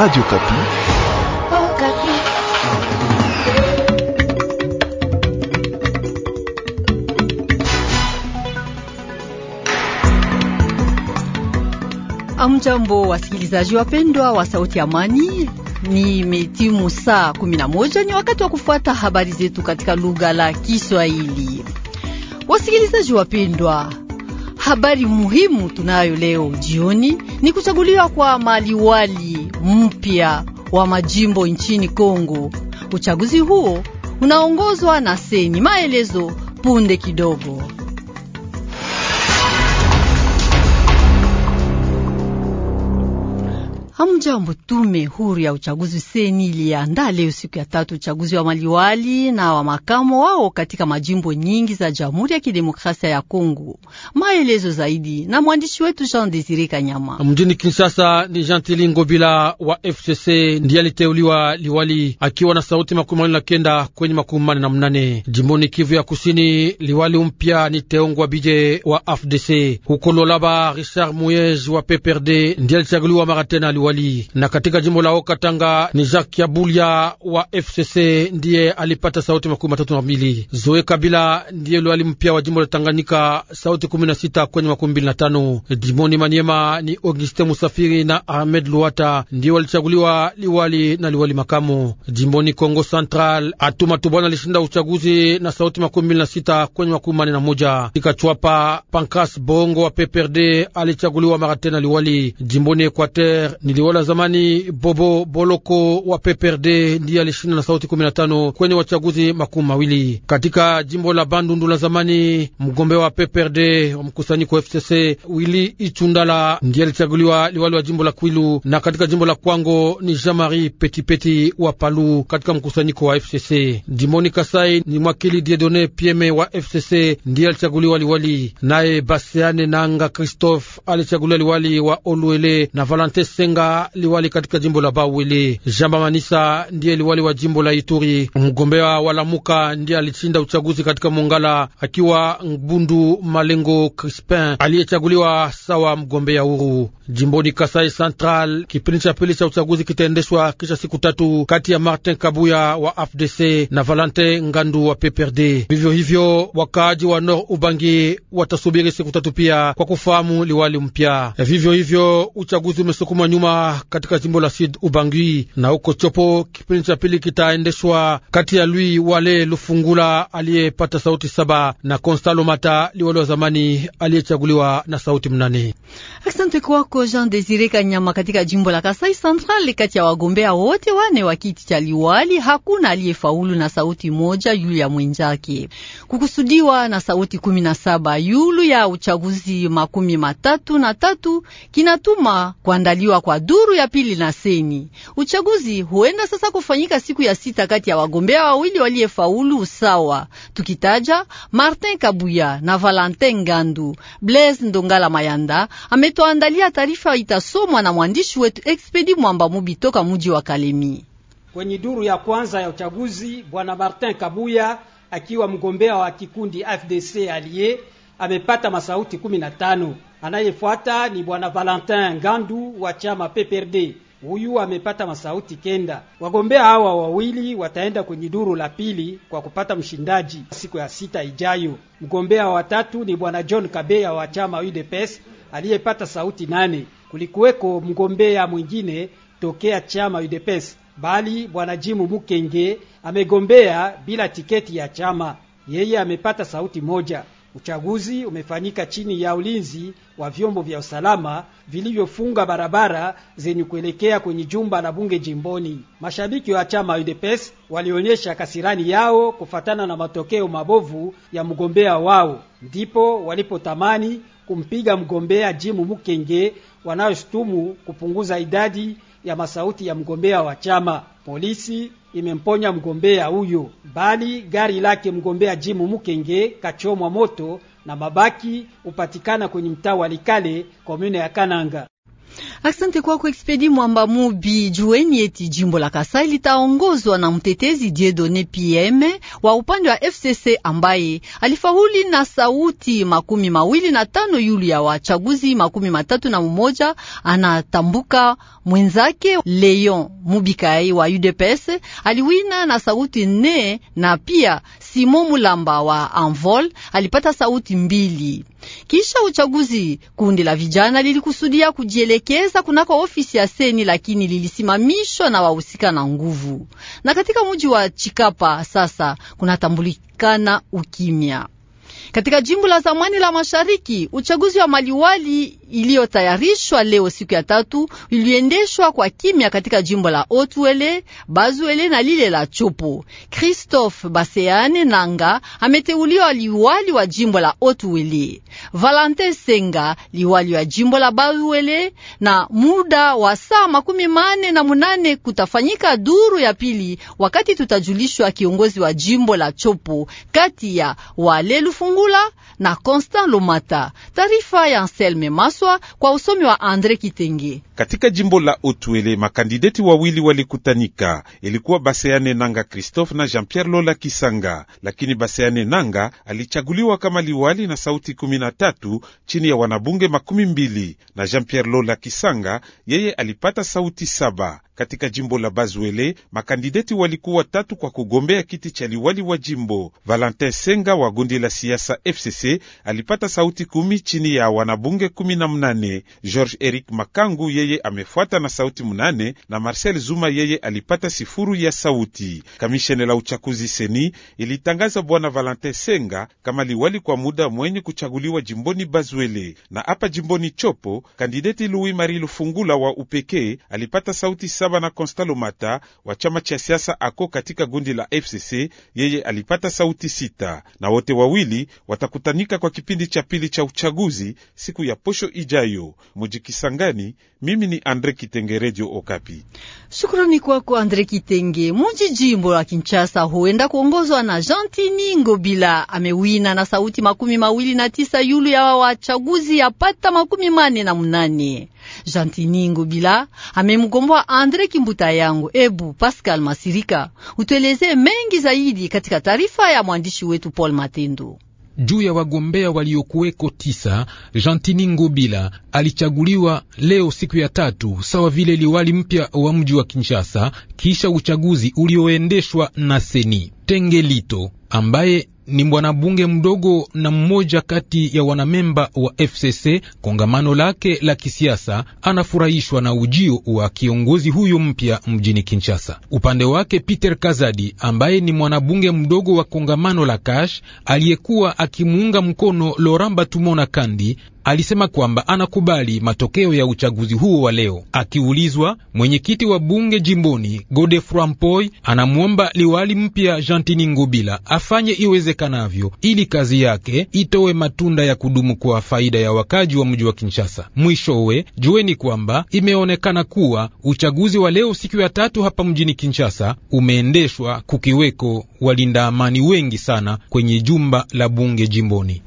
Radio Kapi. Oh, Kapi. Amjambo wasikilizaji wapendwa wa Sauti ya Amani. Ni metimu saa 11, ni wakati wa kufuata habari zetu katika lugha la Kiswahili. Wasikilizaji wapendwa, Habari muhimu tunayo leo jioni ni kuchaguliwa kwa maliwali mpya wa majimbo nchini Kongo. Uchaguzi huo unaongozwa na Seni. Maelezo punde kidogo. Hamjambo. Tume huru ya uchaguzi seni iliandaa leo siku ya tatu uchaguzi wa maliwali na wa makamo wao katika majimbo nyingi za Jamhuri ya Kidemokrasia ya Kongo. Maelezo zaidi na mwandishi wetu Jean Desire Kanyama. Mjini Kinshasa ni Gentili Ngobila wa FCC ndiye aliteuliwa liwali akiwa na sauti makumi mawili na kenda kwenye makumi mane na mnane. Jimboni Kivu ya Kusini, liwali mpya ni Teongwa Bije wa FDC. Huko Lolaba, Richard Muyej wa PPRD ndiye alichaguliwa mara tena liwali awali. Na katika jimbo la Okatanga ni Jacques Yabulia wa FCC ndiye alipata sauti makumi matatu na mbili. Zoe Kabila ndiye luali mpya wa jimbo la Tanganyika sauti kumi na sita kwenye makumi mbili na tano. Jimoni Maniema ni Auguste Musafiri na Ahmed Luata ndiye walichaguliwa liwali na liwali makamu. Jimboni Kongo Central Atuma Tubwana alishinda uchaguzi na sauti makumi mbili na sita kwenye makumi manne na moja. Ikachwapa Pankas Bongo wa PPRD alichaguliwa mara tena liwali. Jimboni Equateur ni Liwala zamani Bobo Boloko wa PPRD ndiye alishinda na sauti 15 kwenye wachaguzi makumi mawili katika jimbo la Bandundu la zamani. Mgombea wa PPRD wa mkusanyiko FCC Wili Ichundala ndiye alichaguliwa liwali wa jimbo la Kwilu, na katika jimbo la Kwango ni jean-marie Petipeti wa Palu katika mkusanyiko wa FCC. Jimboni Kasai ni mwakili Diedone Pieme wa FCC ndiye alichaguliwa liwali, naye Basiane Nanga Christophe alichaguliwa liwali wa Oluele na Valente Senga liwali katika jimbo la Bawili. Jamba Manisa ndiye liwali wa jimbo la Ituri. Mgombea wa Lamuka ndiye alishinda uchaguzi katika Mongala, akiwa Ngbundu Malengo Crispin aliyechaguliwa sawa mgombea huru. Jimboni Kasai Central, kipindi cha pili cha uchaguzi kitaendeshwa kisha siku tatu kati ya Martin Kabuya wa AFDC na Valante Ngandu wa PPRD. Vivyo hivyo wakaaji wa Nord Ubangi watasubiri siku tatu pia kwa kufahamu liwali mpya. Vivyo hivyo uchaguzi umesukumwa nyuma katika jimbo la Sud Ubangui na huko Chopo. Kipindi cha pili kitaendeshwa kati ya Lui Wale Lufungula aliyepata sauti saba na Konstalo Mata liwali wa zamani aliyechaguliwa na sauti mnane. Asante kwako Jean Desire Kanyama. Katika jimbo la Kasai Central, kati ya wagombea wote wane wa kiti cha liwali hakuna aliyefaulu na sauti moja yulu ya mwenzake kukusudiwa na sauti kumi na saba yulu ya uchaguzi makumi matatu na tatu kinatuma kuandaliwa kwa Duru ya pili na seni uchaguzi huenda sasa kufanyika siku ya sita kati ya wagombea wawili waliyefaulu usawa, tukitaja Martin Kabuya na Valentin Ngandu. Blaise Ndongala Mayanda ametwandalia taarifa, itasomwa na mwandishi wetu Expedi Mwamba Mubi toka muji wa Kalemi. Kwenye duru ya kwanza ya uchaguzi, bwana Martin Kabuya akiwa mgombea wa kikundi FDC aliye amepata masauti 15. Anayefuata ni bwana Valentin Gandu wa chama PPRD, huyu amepata masauti kenda. Wagombea hawa wawili wataenda kwenye duru la pili kwa kupata mshindaji siku ya sita ijayo. Mgombea wa tatu ni bwana John Kabeya wa chama UDPS aliyepata sauti nane. Kulikuweko mgombea mwingine tokea chama UDPS bali bwana Jimu Mukenge amegombea bila tiketi ya chama, yeye amepata sauti moja. Uchaguzi umefanyika chini ya ulinzi wa vyombo vya usalama vilivyofunga barabara zenye kuelekea kwenye jumba la bunge jimboni. Mashabiki wa chama UDPS walionyesha kasirani yao kufatana na matokeo mabovu ya mgombea wao, ndipo walipotamani kumpiga mgombea Jimu Mukenge wanayoshutumu kupunguza idadi ya masauti ya mgombea wa chama. Polisi imemponya mgombea huyo, bali gari lake mgombea Jimu Mukenge kachomwa moto na mabaki upatikana kwenye mtaa wa Likale, komune ya Kananga. Asante kwako Expedi Mwamba Mubi. Jueni eti jimbo la Kasai litaongozwa na mtetezi Diedone pm wa upande wa FCC ambaye alifauli na sauti makumi mawili na tano yulu ya wachaguzi makumi matatu na mmoja. Anatambuka mwenzake Leon Mubikai wa UDPS aliwina na sauti nne na pia Simon Mulamba wa Anvol alipata sauti mbili. Kisha uchaguzi, kundi la vijana lilikusudia kujielekeza kunako ofisi ya seni, lakini lilisimamishwa na wahusika na nguvu. Na katika mji wa Chikapa sasa kunatambulikana ukimya. Katika jimbo la zamani la Mashariki, uchaguzi wa maliwali iliyotayarishwa leo siku ya tatu iliendeshwa kwa kimya katika jimbo la Otwele, Bazuele na lile la Chopo. Christophe Baseane Nanga ameteuliwa liwali wa jimbo la Otwele, Valentin Senga liwali wa jimbo la Bazuele, na muda wa saa makumi mane na munane kutafanyika duru ya pili, wakati tutajulishwa kiongozi wa jimbo la Chopo kati ya Wale Lufungula na Constant Lomata. Taarifa ya Anselme Masu kuhusishwa kwa usomi wa Andre Kitenge. Katika jimbo la Otuele makandideti wawili walikutanika, ilikuwa Baseane Nanga Christophe na Jean-Pierre Lola Kisanga, lakini Baseane Nanga alichaguliwa kama liwali na sauti 13 chini ya wanabunge makumi mbili na Jean-Pierre Lola Kisanga yeye alipata sauti saba. Katika jimbo la Bazuele makandideti walikuwa tatu kwa kugombea kiti cha liwali wa jimbo. Valentin Senga wa gundi la siasa FCC alipata sauti kumi chini ya wanabunge kumi na mnane. George Eric Makangu yeye amefuata na sauti mnane, na Marcel Zuma yeye alipata sifuru ya sauti. Kamishene la uchaguzi seni ilitangaza bwana Valentin Senga kama liwali kwa muda mwenye kuchaguliwa jimboni Bazuele. Na hapa jimboni Chopo kandideti Louis Marie Lufungula wa upekee alipata sauti saba na Constant Lomata wa chama cha siasa ako katika gundi la FCC, yeye alipata sauti sita, na wote wawili watakutanika kwa kipindi cha pili cha uchaguzi siku ya posho ijayo Kisangani. Mimi ni Andre Kitenge, Redio Okapi. Shukrani kwako Andre Kitenge. Muji jimbo la Kinshasa huenda kuongozwa na Jantini Ngobila amewina na sauti makumi mawili na tisa yulu ya wachaguzi yapata makumi mane na munane. Jantini Ngobila amemgomboa Andre Kimbuta yangu. Ebu Pascal Masirika, utueleze mengi zaidi katika taarifa ya mwandishi wetu Paul Matindu. juu ya wagombea waliokuweko tisa, Jantini Ngobila alichaguliwa leo siku ya tatu sawa vile liwali mpya wa mji wa Kinshasa kisha uchaguzi ulioendeshwa na Seni Tengelito ambaye ni mwanabunge mdogo na mmoja kati ya wanamemba wa FCC kongamano lake la kisiasa, anafurahishwa na ujio wa kiongozi huyo mpya mjini Kinshasa. Upande wake, Peter Kazadi ambaye ni mwanabunge mdogo wa kongamano la Kash aliyekuwa akimuunga mkono Laurent Batumona Kandi alisema kwamba anakubali matokeo ya uchaguzi huo wa leo. Akiulizwa, mwenyekiti wa bunge jimboni gode Mpoi anamwomba liwali mpya Jantini Ngubila afanye iwezekanavyo ili kazi yake itowe matunda ya kudumu kwa faida ya wakaji wa mji wa Kinshasa. Mwishowe jueni kwamba imeonekana kuwa uchaguzi wa leo siku ya tatu hapa mjini Kinshasa umeendeshwa kukiweko walinda amani wengi sana kwenye jumba la bunge jimboni.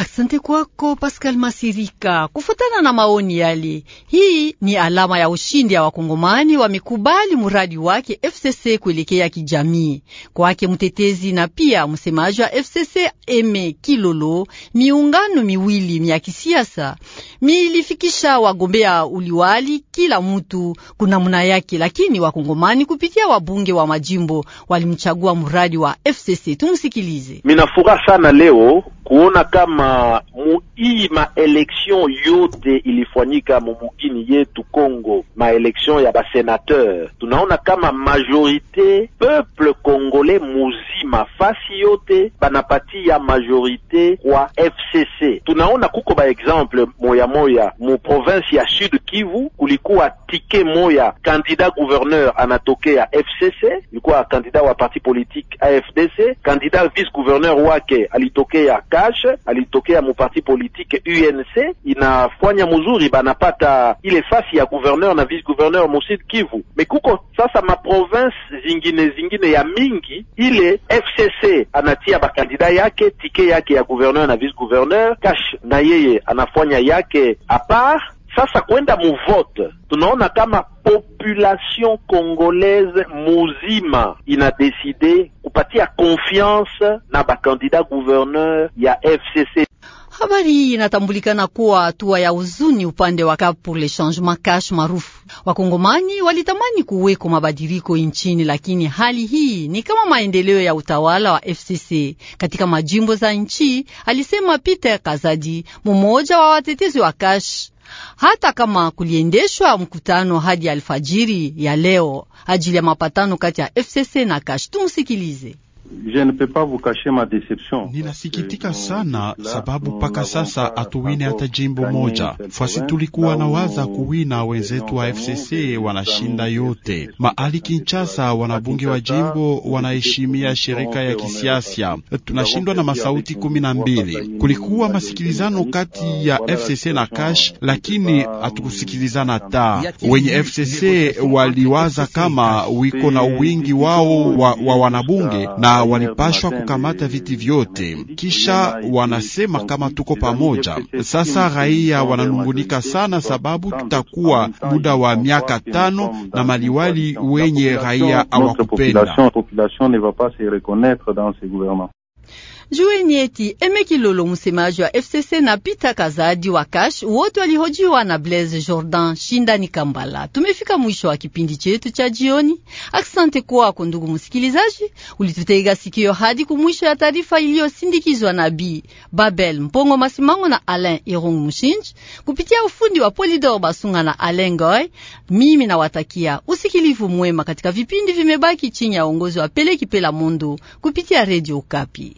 Asante kwako Pascal Masirika. Kufuatana na maoni yale, hii ni alama ya ushindi ya wakongomani wamekubali muradi wake FCC kuelekea kijamii kwake mtetezi na pia msemaji wa FCC Eme Kilolo. Miungano miwili ya kisiasa milifikisha wagombea uliwali kila mutu kunamuna yake, lakini wakongomani kupitia wabunge wa majimbo walimchagua muradi wa FCC. Tumsikilize. Minafuraha sana leo kuona kama kwamba muii maeleksion yote ilifanyika mumugini yetu Kongo, maeleksion ya basenateur, tunaona kama majorite peuple congolais muzima fasi yote ya majorite kwa FCC. Tunaona kuko ba exemple moya moya mu province ya Sud Kivu, kulikuwa tike moya candidat gouverneur anatokea FCC, ilikuwa kandida wa parti politique AFDC, candidat vice gouverneur wake alitokea Cash ali tokea muparti politique UNC inafanya mzuri, banapata ile fasi ya gouverneur na vice gouverneur musud Kivu. Mekuko sasa maprovince zingine zingine ya mingi, ile FCC anatia bakandida yake tike yake ya gouverneur na vice gouverneur, cash na yeye anafanya yake apart sasa kwenda muvote, tunaona kama population kongolaise muzima inadeside kupatia confiance na bakandida gouverneur ya FCC. Habari hii inatambulikana kuwa hatua ya uzuni upande wa Cap pour le Changement cash maarufu. Wakongomani walitamani kuweko mabadiliko nchini, lakini hali hii ni kama maendeleo ya utawala wa FCC katika majimbo za nchi, alisema Peter Kazadi, mmoja wa watetezi wa cash hata kama kuliendeshwa mkutano hadi alfajiri ya leo ajili ya mapatano kati ya FCC na Kash. Tumsikilize. Je ne peux pas vous cacher ma deception. Ninasikitika sana sababu mpaka sasa hatuwine hata jimbo moja. Fasi tulikuwa na waza kuwina, wenzetu wa FCC wanashinda yote. Maali Kinshasa, wanabunge wa jimbo wanaheshimia shirika ya kisiasa, tunashindwa na masauti kumi na mbili. Kulikuwa masikilizano kati ah, ya FCC na Kash, lakini hatukusikilizana ta. Wenye FCC waliwaza kama wiko na wingi wao wa, wa wanabunge na walipashwa kukamata viti vyote, kisha wanasema kama tuko pamoja. Sasa raia wananungunika sana, sababu tutakuwa muda wa miaka tano na maliwali wenye raia hawakupenda. Jueni eti emeki lolo msemaji wa FCC na Pita Kazadi wa Kash wote walihojiwa na Blaise Jordan shindani Kambala. Tumefika mwisho wa kipindi chetu cha jioni. Asante kwako ndugu msikilizaji, ulitutega sikio hadi kumwisho ya taarifa iliyosindikizwa na Bi Babel Mpongo Masimango na Alain Irung Mushinji kupitia ufundi wa Polidor Basunga na Alain Goy. Mimi nawatakia usikilivu mwema katika vipindi vimebaki chini ya uongozi wa Peleki Pela Mundu kupitia Radio Kapi.